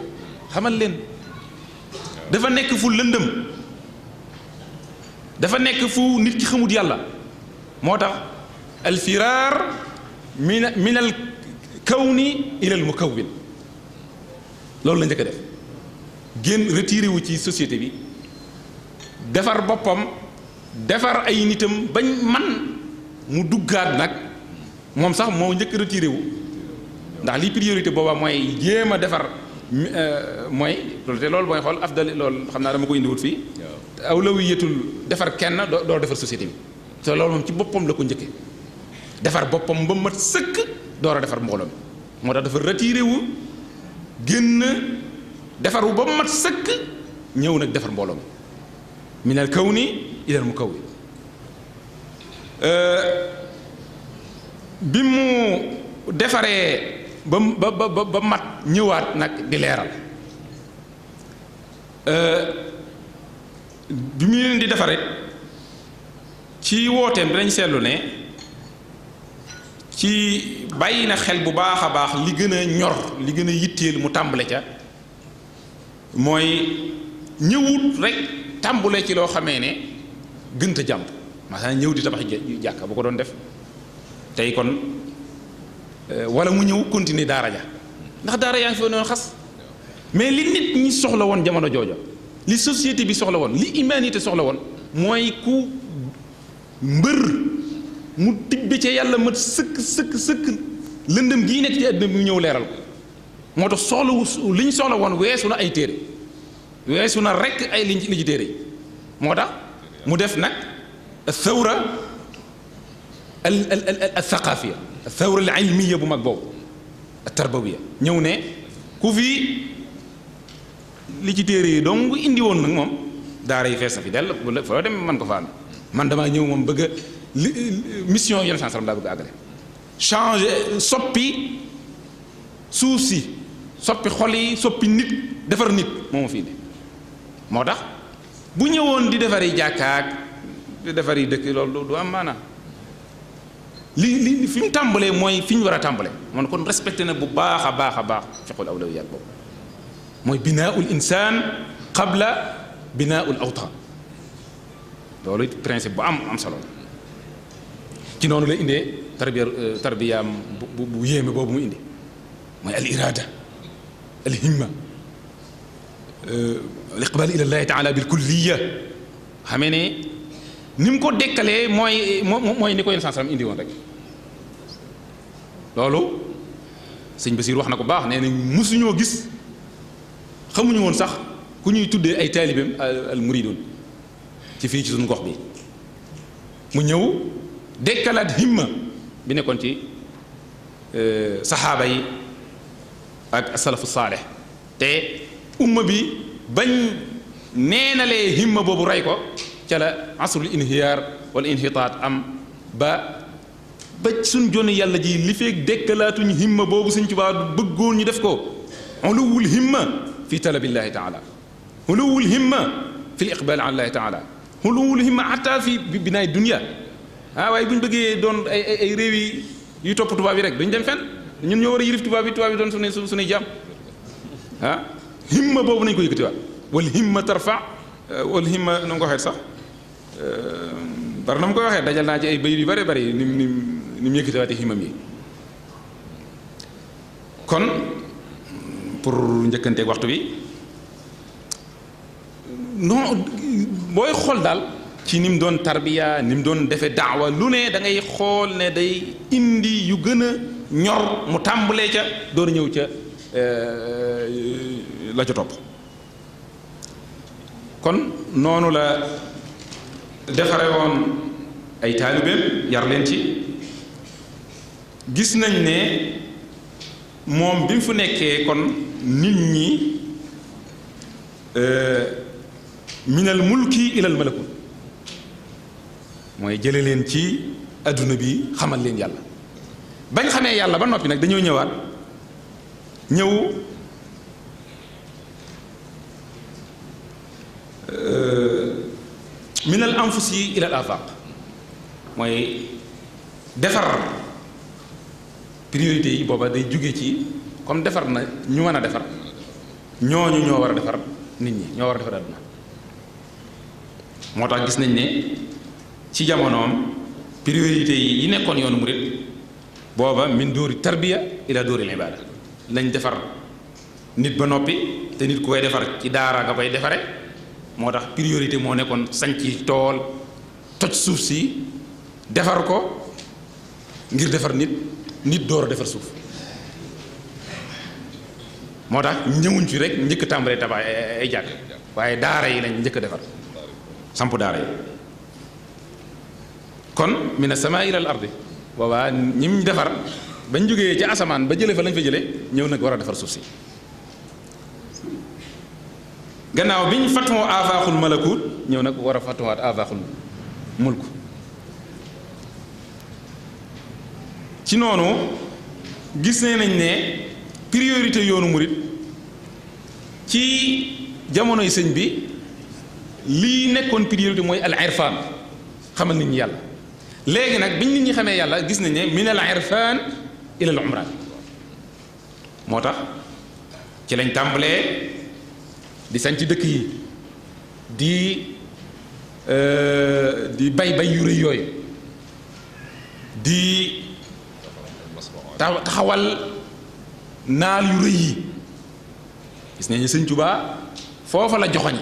خمال لين دا فا نيك فو لندم دا فا نيك فو نيت كي خموت يالا موتاخ الفرار من من الكون الى المكون لول لا نجا ديف ген ريتيري وو سي سوسيتي بي دفر بوبام دفر اي نيتام باج مان مو دوغات نك mom sax mo ñëk retiré wu ndax li priorité boba moy jéma defar moy lool te loolu mooy xool afdal lool xamna dama ko indi indiwut fii awlawiyatul defar kenn do defar société bi te lool mom ci bopom la ko njëkke defar bopom ba mat sëkk do ra defar mbolom mo da défar retiré wu génn défar wu ba mat sëkk ñëw nak defar mbolom min al kawni ila al mu kaw bi mu defaree ba ba ba ba mat ñëwaat nag di leeral euh, bi mu leen di defarit ci wooteem dinañ seetlu ne ci bàyyi na xel bu baax a baax li gën a ñor li gën a yitteel mu tàmbale ca mooy ñëwut rek tàmbale ci loo xamee ne gënta jàmp maanaam ñëw di tabax jàkka bu ko doon def tey kon euh, wala mu ñëw continuer daara ja ndax daara yaa ngi fi noonu xas mais li nit ñi soxla woon jamono jooja li société bi soxla woon li humanité soxla woon mooy ku mbër mu tibbe ca yàlla mat sëkk sëkk sëkk lëndëm gii nekk ci àdduna bi ñëw leeral ko moo tax soxlawu li ñu soxla woon weesu na ay téere weesu na rekk ay li li ci téere yi moo tax mu def nag thawra الثقافية الثورة العلمية بمكبو التربوية نيوني كوفي لي تيري دونغ اندي وون نك موم داراي فيسا في دال فلو ديم مان كو فامي مان داما ميسيون يالا سان سلام دا بيغ اغلي شانج سوبي سوسي سوبي خولي سوبي نيب دفر نيب موم في ني موتاخ بو نيوون دي ديفاري جاكاك دي ديفاري دو ام مانا li li fi mu tàmbalee mooy fi ñu war a tàmbalee moom kon respecté na bu baax a baax a baax fiqul awlawiyaat boobu mooy binaaul insaan qabla binaaul awtan loolu it principe bu am am solo ci noonu la indee tarbiya tarbiyaam bu bu yéeme boobu mu indi mooy al irada al himma al iqbal ila llahi taala bil kulliya xamee ne ni mu ko dekkalee mooy mooy ni ko yenn sansaram indi woon rek lolu seigne Basiir wax na ko baax nee gis xamuñu won sax ku ñuy tuddee ay taalibeem al muridun ci fi ci sun gox bi mu ñëw dekkalaat himma bi nekkon ci euh sahaba yi ak salafu salih te umma bi bañ neenalé himma bobu ray ko ci la asrul inhiyar wal inhitat am ba ba suñ joni yàlla ji li feeg dekkalaatuñ himma boobu suñ tubaa bëggoon ñu def ko uluwul himma fi talabillahi taala uluwul himma fi l iqbal ala llahi taala uluwul himma hatta fi binaay dunia ah waaye bu ñu bëggee doon ay ay réew yi yu topp tubaab yi rek duñ dem fenn ñun ñoo war a yilif tubaab bi tubaab yi doon suñu suñuy jàmm ah himma boobu nañ ko yëkkatiwaat wal himma tarfa wal himma na nga ko waxee sax bari na ma koy waxee dajal naa ci ay bayit yu bare bari nim nim ni mu yëkkatiwaate kon pour njëkkanteeg waxtu wi non xool daal ci ni mu doon tarbiya ni doon defe daawa lu ne da xool ne day indi yu gën a ñor mu tàmbalee ca door ñëw ca euh, la ca topp noonu la defare ay taalibeem yar leen ci gis nañ ne moom bi mu fu nekkee kon nit ñi euh, minal mulki ilal malakut mooy jële leen ci àdduna bi xamal leen yàlla bañ xamee yàlla ba noppi nag dañoo ñëwaan ñëw euh, minal anfusi ilal afaq mooy defar priorité yi booba day jóge ci comme defar na ñu mën a defar ñooñu ñoo war a defar nit ñi ñoo war a defar àdduna moo tax gis nañ ne ci jamonoom priorité yi yi nekkoon yoonu mu murit booba min dóori tarbiya ila dóori libaada lañ defar nit ba noppi te nit ku koy defar ci daara nga koy defare moo tax priorité moo nekkoon ci tool toj suuf si defar ko ngir defar nit nit door a defar suuf moo tax ñëwuñ ci rek njëkk tàmbalee tabax ay jàkk waaye daara yi lañ njëkk a defar samp daara yi kon min ne sama ila al-ardi boobaa ñim defar bañ jógee ci asamaan ba jële fa lañ fa jële ñëw nag war a defar suuf si gannaaw biñ fatmoo afaaxul malakut ñëw nag war a fatmoo at afaaxul mulk ci noonu gis ne nañ ne priorité yoonu murit ci jamonoy sëñ bi lii nekkoon priorité mooy al irfan xamal nit ñi yàlla léegi nag biñ nit ñi xamee yàlla gis nañ ne min al irfan ila al moo tax ci lañ tàmbalee di sañ ci dëkk yi di euh, di bay bay yu rëy yooyu di taxawal naal yu rëy yi gis nañu sëñ Tuubaa foofa la joxoñ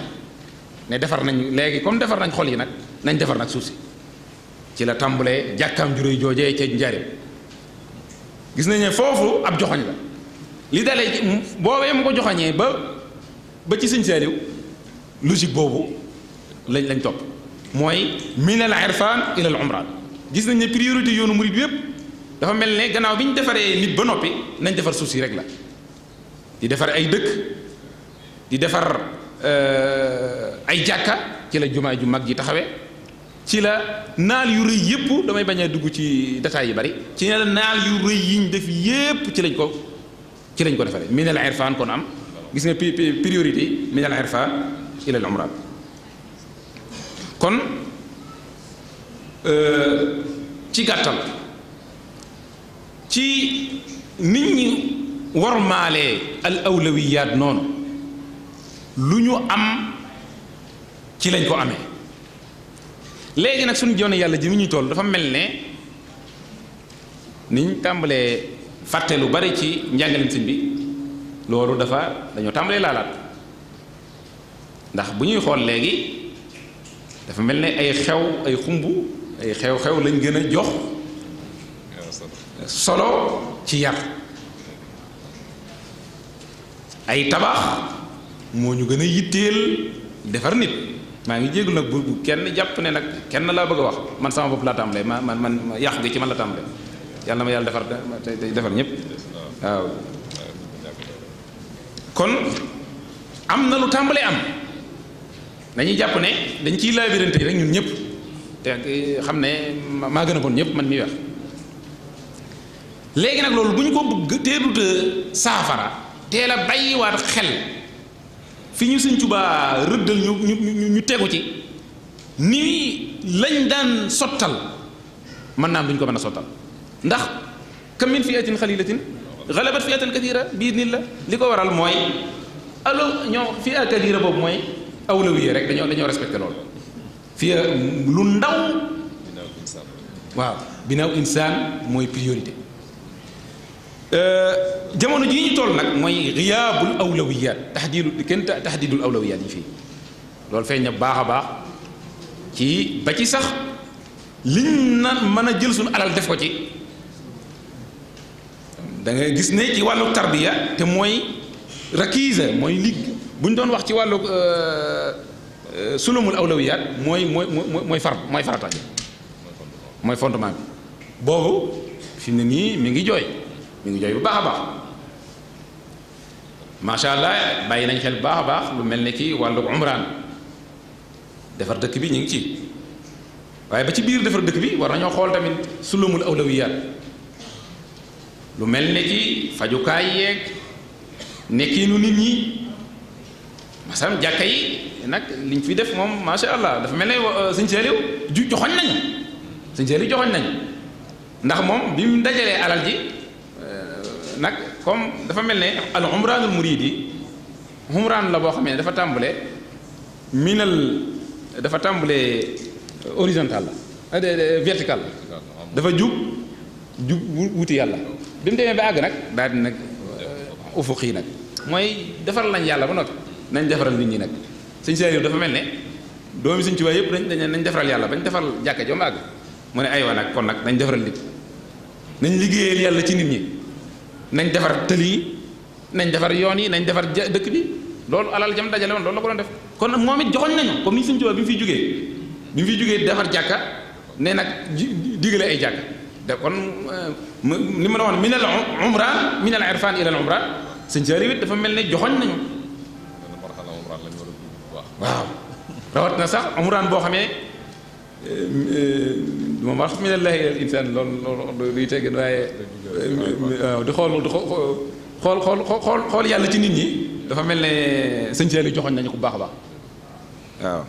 ne defar nañu léegi comme defar nañ xol yi nag nañ defar nag suuf si ci la tàmbalee jàkkaam ju rëy joojee ca njariñ gis nañ ne foofu ab joxoñ la li dalee boobee mu ko joxoñee ba ba ci sëñ Saaliw boobu lañ lañ topp mooy min al irfan ila al umran gis nañ ne priorité yoonu murid bi yépp dafa mel ne gannaaw bi ñu defaree nit ba noppi nañ defar suuf si rek la di defar ay dëkk di defar euh, ay jàkka ci la jumaa ju mag ji taxawe ci la naal yu rëy yëpp damay bañ a dugg ci détails yu bari ci la naal yu rëy yiñ def yëpp ci lañ ko ci lañ ko defaree minal irfan kon am gis nga priorité minal irfan ila al umra kon euh, ci gàttal ci nit ñi wormaalee al awlawiyaat noonu lu ñu am ci lañ ko amee léegi nag suñu joone yàlla ji mi ñuy tool dafa mel ne niñ tàmbalee fàtte lu bari ci njàngaleem sin bi loolu dafa dañoo tàmbalee laalaat ndax bu ñuy xool léegi dafa mel ne ay xew ay xumb ay xew-xew lañ gën a jox solo ci yar ay tabax moo ñu gën a yitteel defar nit maa ngi jéegul nag bu bu kenn jàpp ne nag kenn laa bëgg a wax man sama bopp laa tàmbalee ma man man yàq gi ci man la tàmbalee yàlla ma yàlla defar te defar ñëpp waaw kon am na lu tàmbalee am dañuy jàpp ne dañ ciy laabirante rek ñun ñëpp te xam ne maa gën a bon ñëpp man mi wax léegi nag loolu bu ñu ko bëgg teelut a saafara teel a bàyyiwaat xel fi ñu Sëñ Tuubaa rëddal ñu ñu ñu tegu ci nii lañ daan sottal mën naa am duñ ko mën a sottal ndax kam min fiatin xalilatin xalabat fiatan kathira bi la li ko waral mooy alo ñoo fi'a kathira boobu mooy aw awlawiya rek dañoo dañoo respecté loolu fi'a lu ndaw waaw binaaw insaan mooy priorité jamono jii ñu toll nag mooy riyaabul awlawiyat taxdiidu kenn taxdiidul awlawiyat yi fii loolu feeñ na baax a baax ci ba ci sax liñ na mën a jël suñu alal def ko ci da nga gis ne ci wàllu tarbiya te mooy rakiisa mooy ligg bu ñu doon wax ci wàllu sulumul awlawiyat mooy mooy mooy far mooy farata bi mooy fondement bi boobu fi mu ne nii mi ngi jooy ñu ngi jooy bu baax a baax macha allah bàyyi nañ xel bu baax a baax lu mel ne kii wàllu umraan defar dëkk bi ñu ngi ci waaye ba ci biir defar dëkk bi war nañoo xool tamit sulumul awlawiyaat lu mel ne ci fajukaay yeeg nekkiinu nit ñi masalam jàkka yi nag liñ fi def moom macha allah dafa mel ne sëñ Saliou ju joxoñ nañu sëñ Saliou joxoñ nañu ndax moom bi mu dajalee alal ji nag comme dafa mel ne al umraanul muridi umraan la boo xam ne dafa tàmbale minal dafa tàmbale horizontal la vertical dafa jub jub wuti yàlla bi mu demee ba àgg nag daal di nag uh, ufuq yi nag mooy defaral nañ yàlla ba noppi nañ defaral nit ñi nag sëñ Saliou dafa mel ne doomi sëñ Tuubaa yëpp dañ nañ defaral yàlla bañ defaral jàkka joo mu àgg mu ne kon nag nañ defaral nit nañ liggéeyal yàlla ci nit ñi nañ defar tëli yi nañ defar yoon yi nañ defar dëkk bi loolu alal jam dajale woon loolu la ko doon def kon nag moom it joxoñ nañu comme ni Sëñ Tuubaa bi mu fiy jugee bi mu fiy jugee defar jàkka ne nag digale ay jàkka de kon euh, li ma la wax min al dafa mel ne joxoñ nañu waaw rawat na sax umraan boo xamee moom wax min allahi ilal insaan loolu loolu luy teggin waaye waaw di xool di xool xool xool xool yàlla ci nit ñi dafa mel ne sëñ Saaliw joxoñ nañu ko baax baax waaw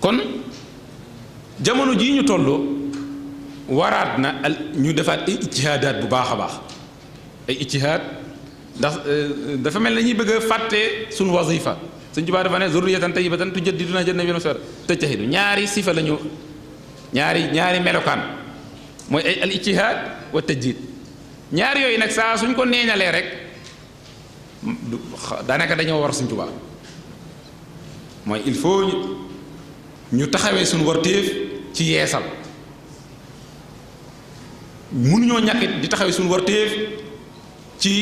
kon jamono jii ñu toll waraat na al ñu defaat ay ijtihaadaat bu baax a baax ay ijtihaad ndax euh, dafa mel ne ñi bëgg a fàtte suñu wasifa suñ tubaa dafa ne zurriyatan tayyibatan tujaddiduna jënd bi masar tëccaxidu ñaari sifa la ñu ñaari ñaari melokaan mooy ay al ijtihaad wa tajdiid ñaar yooyu nag saa suñ ko neeñalee rek daanaka dañoo war suñ tubaa mooy il faut ñu taxawee suñ warteef ci yeesal mënuñoo ñàkkit di taxawee suñu warteef ci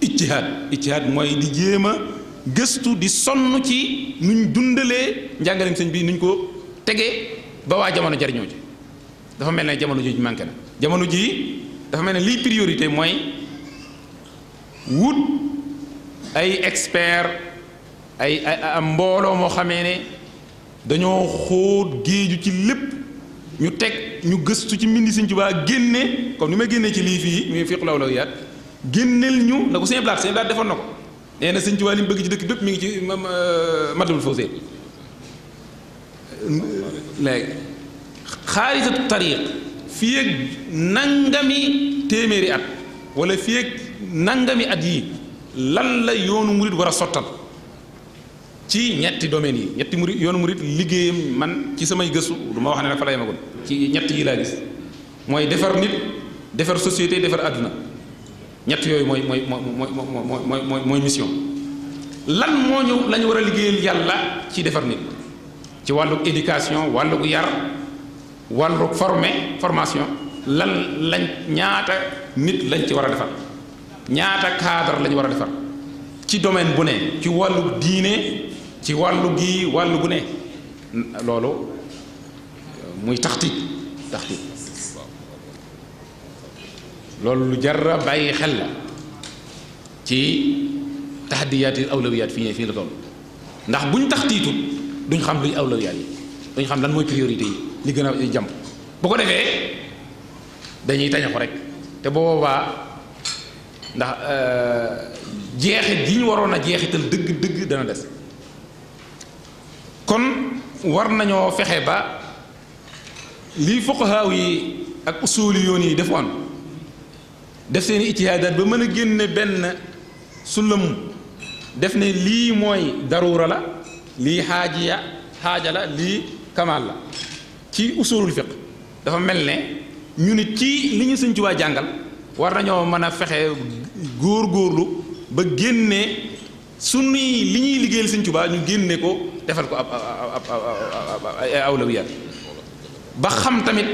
ijtihaad ijtihaad mooy di jéem a gëstu di sonn ci nu ñu dundalee njàngaleem sëñ bi nuñ ko tegee ba waa jamono jariñoo ji dafa mel ne jamono ji manqué na jamono ji dafa mel ne lii priorité mooy wut ay expert ay am mbooloo moo xamee ne dañoo xóot géeju ci lépp ñu teg ñu gëstu ci mbindi sëñ Tuubaa génne kon ni may génnee ci lii fii muy fiqu law law yaat génneel ñu na ko seen blaat seen blaat defoon na ko nee na sëñ Tuubaa li mu bëgg ci dëkk bépp mi ngi ci Matlabul Fawzayni léegi xaaritatu tariq fii ak nangami téeméeri at wala fii ak nangami at yi lan la yoonu murit war a sottal ci ñetti domaines yi ñetti murit yoonu murit liggéeyam man ci samay gëstu du ma wax ne nag fa la yemagul ci ñett yi laa gis mooy defar nit defar société defar àdduna ñett yooyu mooy mooy mooy mooy mooy mooy mission lan moo ñu la ñu war a liggéeyal yàlla ci defar nit ci wàllu éducation wàllu yar wàllu forme formation lan lañ ñaata nit lañ ci war a defar ñaata cadre lañu war a defar ci domaine bu ne ci wàllu diine ci wàllu gi wàllu gu ne loolu muy taxti taxti loolu lu jarra bàyyi xel la ci taxadiyaati awlawiyaat fii fii la toll ndax buñ tax tiitut duñ xam luy awlawiyaat yi duñ xam lan mooy priorité yi li gën a jàmp bu ko defee dañuy tañaxu rek te boobaa ndax jeexit ji ñu waroon a jeexital dëgg dëgg dana des kon war nañoo fexe ba lii fuqahaaw yi ak usuuli yoon yi defoon def seen ijtihaadaat ba mën a génne benn su sulam def ne lii mooy daruura la lii xaajiya xaaja la lii kamaal la ci usulul fiq dafa mel ne ñu nit ci li ñu sëñ Tuubaa jàngal war nañoo mën a fexe góor-góorlu ba génnee sunuy li ñuy liggéeyal sëñ Tuubaa ñu génne ko defal ko ab ab awlawiyaat ba xam tamit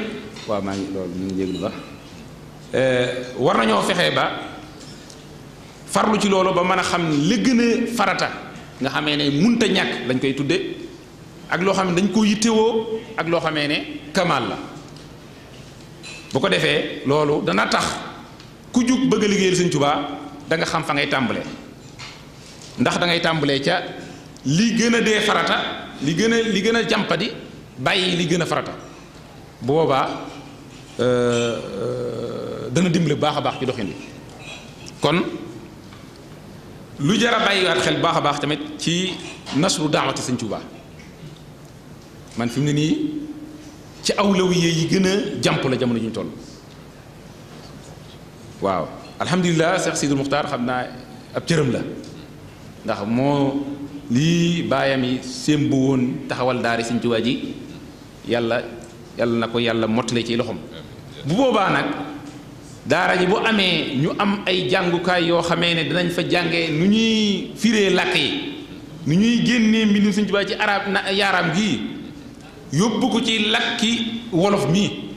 waaw maa ngi loolu ñu ngi jéglu ba Euh, war nañoo fexe ba farlu ci loolu ba mën a xam ne li gën a farata nga xamee ne munta ñàkk lañ koy tudde ak loo xam ne dañ ko yittewoo ak loo xamee ne kamaal la bu ko defee loolu dana tax ku jug bëgg a liggéeyal Sëñ Tuubaa da xam fa ngay tàmbalee ndax da ngay tàmbalee ca li gën a dee farata li gën a li gën a jàmpadi bàyyi li gën a farata boobaa euh, euh, dana dimbali baax a baax ci doxin bi kon lu jar a bàyyiwaat xel baax a baax tamit ci nasru daawati sëñ Tuubaa man fi mu ne nii ci awlawiye yi gën a jàmp la jamono ji ñu toll waaw alhamdulilah Cheikh Sidul Muxtaar xam naa ab cëram la ndax moo lii baayam yi sémbu woon taxawal daari sëñ Tuubaa ji yàlla yàlla na ko yàlla mottale ci loxom bu boobaa nag daara ji bu amee ñu am ay jàngukaay yoo xamee ne dinañ fa jàngee nu ñuy fiire làkk yi nu ñuy génnee mbind Sëñ Tuubaa ci arab na yaaraam gii yóbbu ko ci làkki wolof mi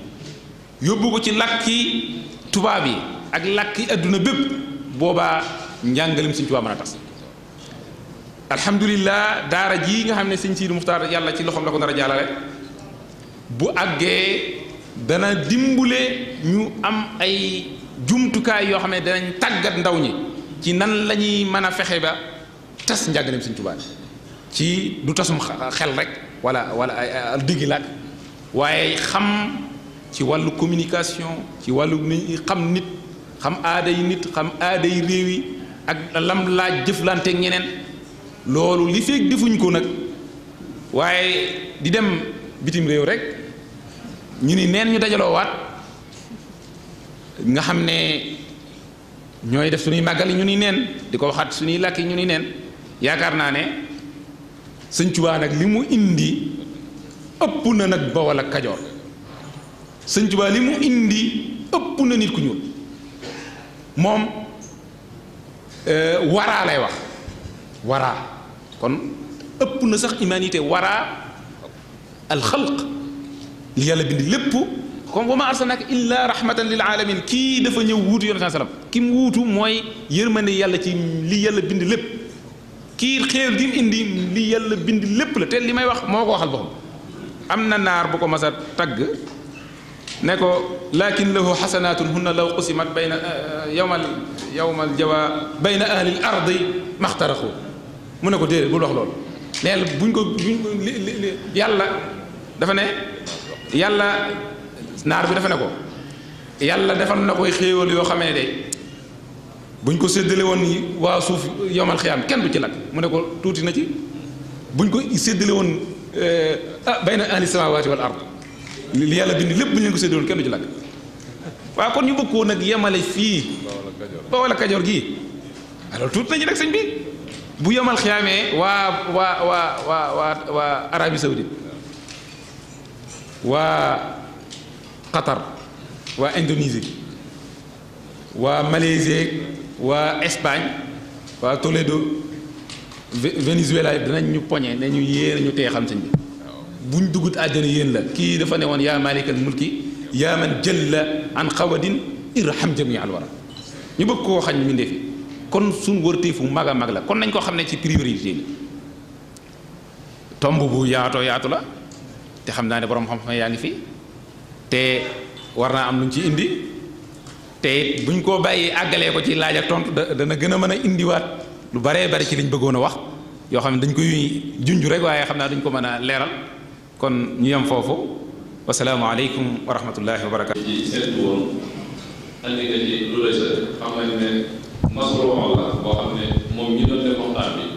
yóbbu ko ci làkki tubaab yi ak làkki adduna bépp boobaa njàngalem Sëñ Tuubaa mën a tas alhamdulilah daara jii nga xam ne sëñ Sidi Muxtaar yàlla ci loxoom la ko nar a jàllale bu àggee dana dimbule ñu am ay jumtukaay yoo xam ne danañ tàggat ndaw ñi ci nan lañuy ñuy mën a fexe ba tas njàngaleem Sëñ Tuubaa ci du tasum xel rek wala wala diggi laak waaye xam ci wàllu communication ci wàllu xam nit xam aaday nit xam aada aaday réew yi ak lam laaj jëflante ak ñeneen loolu li feeg defuñ ko nag waaye di dem bitim réew rek ñu ni neen ñu dajaloo waat nga xam ne ñooy def suñuy màggal yi ñu ni neen di ko waxaat suñuy làkk yi ñu ni neen yaakaar naa ne sëñ nag li mu indi ëpp na nag Bawol ak Kajoor sëñ Tuubaa li mu indi ëpp na nit ku ñuul moom euh, waraa lay wax waraa kon ëpp na sax humanité waraa alxalq li yàlla bind lépp comme wa ma arsalnaka illa rahmatan lil alamin kii dafa ñëw wuutu yonent sallam ki mu wuutu mooy yërmande yàlla ci li yàlla bind lépp kii xéer gi mu indi li yàlla bind lépp la te li may wax moo ko waxal boppam am na naar bu ko mas a tagg ne ko lakin lahu xasanaatun hunna law qusimat bayna yowmal yowmal jawa bayna ahli l ardi maxtaraxu mu ne ko déedéet bul wax loolu neel buñ ko buñ yàlla dafa ne yàlla naar bi defe ne ko yàlla defal na koy xéewal yoo xamee ne de buñ ko séddale woon waa suuf yomal xiyaam kenn du ci lakk mu ne ko tuuti na ci buñ ko séddale woon ah bayna ahli samawaati wal ard li yàlla bind lépp buñ leen ko séddale woon kenn du ci lakk waaw kon ñu bëggoon nag yemale fii ba wala kajoor gii alors tuuti na ci nag sëñ bi bu yomal xiyaamee waa waa waa waa waa waa Arabie Saoudite وقطر واندونيسيا وماليزيا واسبانيا وتوليدو فنزويلا دنا ني بوني يا مالك الملك يا من جل عن قواد ارحم جميع الورى ني بوكو خاج مين دي كون سون ورتي فو ماغا ماغلا كون نانكو خامني سي بريوريتي تومبو بو ياتو ياتو لا te xam naa ne borom xam-xam yaa ngi fi te war naa am lu ñu ci indi te it buñ ko bàyyi àggalee ko ci laaj tontu da dana gën a mën a indiwaat lu baree bari ci liñ bëggoon a wax yoo xam ne dañ koy junj rek waaye xam naa duñ ko mën a leeral kon ñu yem foofu wasalaamaaleykum wa rahmatullahi la boo xam ne moom ñi doon def bi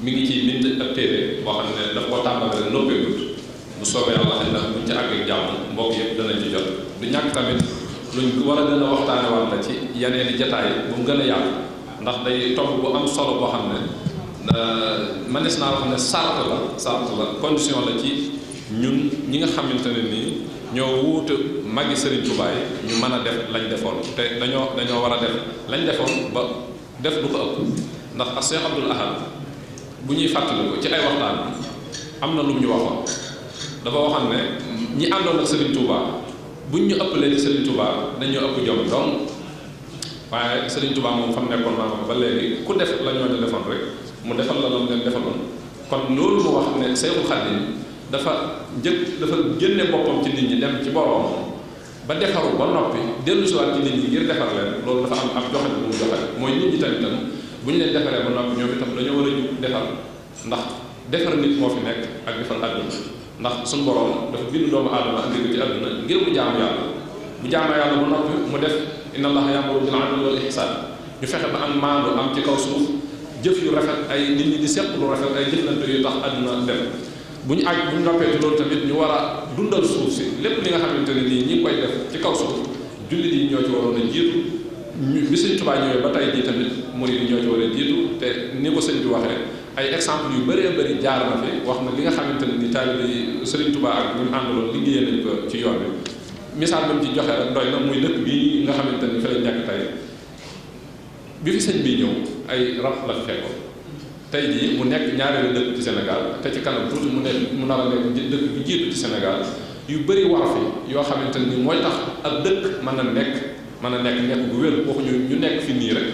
mi ngi ci bind ab téere boo xam ne daf ko tàmbale soobee yàlla xëy na buñ ci àgg ak jàmm mbokk yëpp danañ ci jot du ñàkk tamit luñ war a gën a waxtaane war la ci yeneen i jataay bu mu gën a yàgg ndax day topp bu am solo boo xam ne euh, manis naa wax ne sart la sart la condition la ci ñun ñi nga xamante ne nii ñoo wuute magi Serigne Touba yi ñu mën a def lañ defoon te dañoo dañoo war a def lañ defoon ba def du ko ëpp ndax Cheikh Abdoul Ahad bu ñuy fàttali ko ci ay waxtaan am na lu mu ñu waxoon dafa waxoon ne ñi àndoon ak Serigne Touba buñ ñu ëppalee ci Serigne Touba dañ ñu ëpp jom donc waaye Serigne Touba moom fa nekkoon naa ba léegi ku def la ñoo defoon rek mu defal la loolu leen defaloon kon loolu mu wax ne Seexul Xadiim dafa njëkk dafa génne boppam ci nit ñi dem ci boroom ba defaru ba noppi dellu si waat ci nit ñi ngir defar leen loolu dafa am ab joxe bu mu joxe mooy nit ñi tamit tam bu ñu leen defaree ba noppi ñoom dañoo war a jug defar ndax defar nit moo fi nekk ak ndax suñu borom dafa bind doomu aadama andi ko ci àdduna ngir mu jaamu yàlla bu jaamu yàlla bu noppi mu def inna allaha ya'muru bil 'adli wal ñu fexe ba am ci kaw suuf jëf yu rafet ay nit ñi di set lu rafet ay jëflante yu tax àdduna dem bu ñu aj bu ñu noppee ci loolu tamit ñu war a dundal suuf si lépp li nga xamante ne nii ñi ngi koy def ci kaw suuf jullit yi ñoo ci waroon a jiitu ñu bi Sëñ Tuubaa ñëwee ba tey jii tamit murid yi ñoo ci war a te ni ko sëñ bi waxee ay exemple yu bëree bari jaar na fi wax na li nga xamante ne ni taalibe yi Serigne Touba ak ñu àndaloon nañ ko ci yoon bi misaal bi ci joxe muy dëkk bii nga xamante ni fi lañ nekk tey bi fi sëñ bi ñëw ay rab lañ fekkoon tey jii mu nekk ñaaree ñaareelu dëkk ci Sénégal te ci kanam tuuti mu nekk mu nar a nekk dëkk bi jiitu ci Sénégal yu bëri war fi yoo xamante ni mooy tax ak dëkk mën na nekk mën na nekk nekk bu wér waxuñu ñu nekk fi nii rek.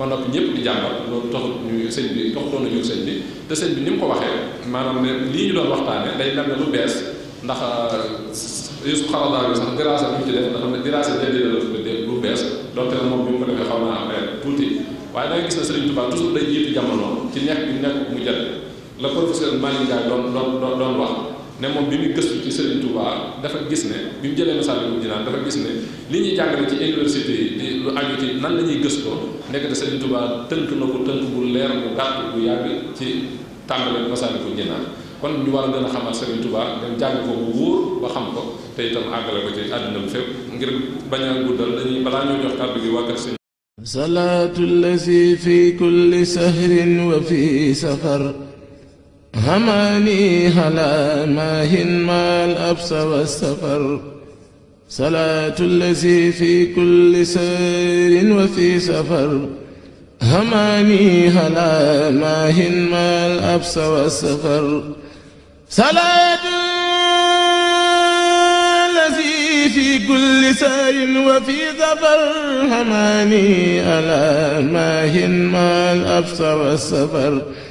ba noppi ñëpp di jàmbat loolu taxut ñu sëñ bi taxutoon nañu sëñ bi te sëñ bi ni mu ko waxee maanaam ne lii ñu doon waxtaane day mel ne lu bees ndax euh, Yuusuf xaradaa bi sax diraasa bi ñu ci def nga xam ne diraasa déedéet la tuddee lu bees donte ne moom bi mu ko defee xaw naa après tuuti waaye da nga gis ne Sëriñ Tuubaa toujours day jiitu jamono ci nekk bi nekk mu jël la professeur Malick Ndiaye doon doon doon wax ne moom bi muy gëstu ci Sëriñ Tuubaa dafa gis ne bi mu jëlee ne bi mu dinaan dafa li ñuy jàngale ci université di lu aju ci nan la ñuy gëstoo nekkati sëriñ tuba tënk na ko tënk bu leer bu gàtt bu yàgg ci tàmbale masaali ko jënaan kon ñu war a gën a xamal sëriñ tuba dem jàng ko bu wóor ba xam ko te itam àggale ko ci àddina bi fépp ngir bañ a guddal dañuy balaa ñoo jox kàddu gi wàkkal sëñ صلاة الذي في كل سهر وفي سفر هماني هلا ماهن ما الأبس والسفر صلاة الذي في كل سير وفي سفر هماني هلا ماهن ما الأبس والسفر صلاة الذي في كل سير وفي سفر هماني ما ماهن ما الأبس والسفر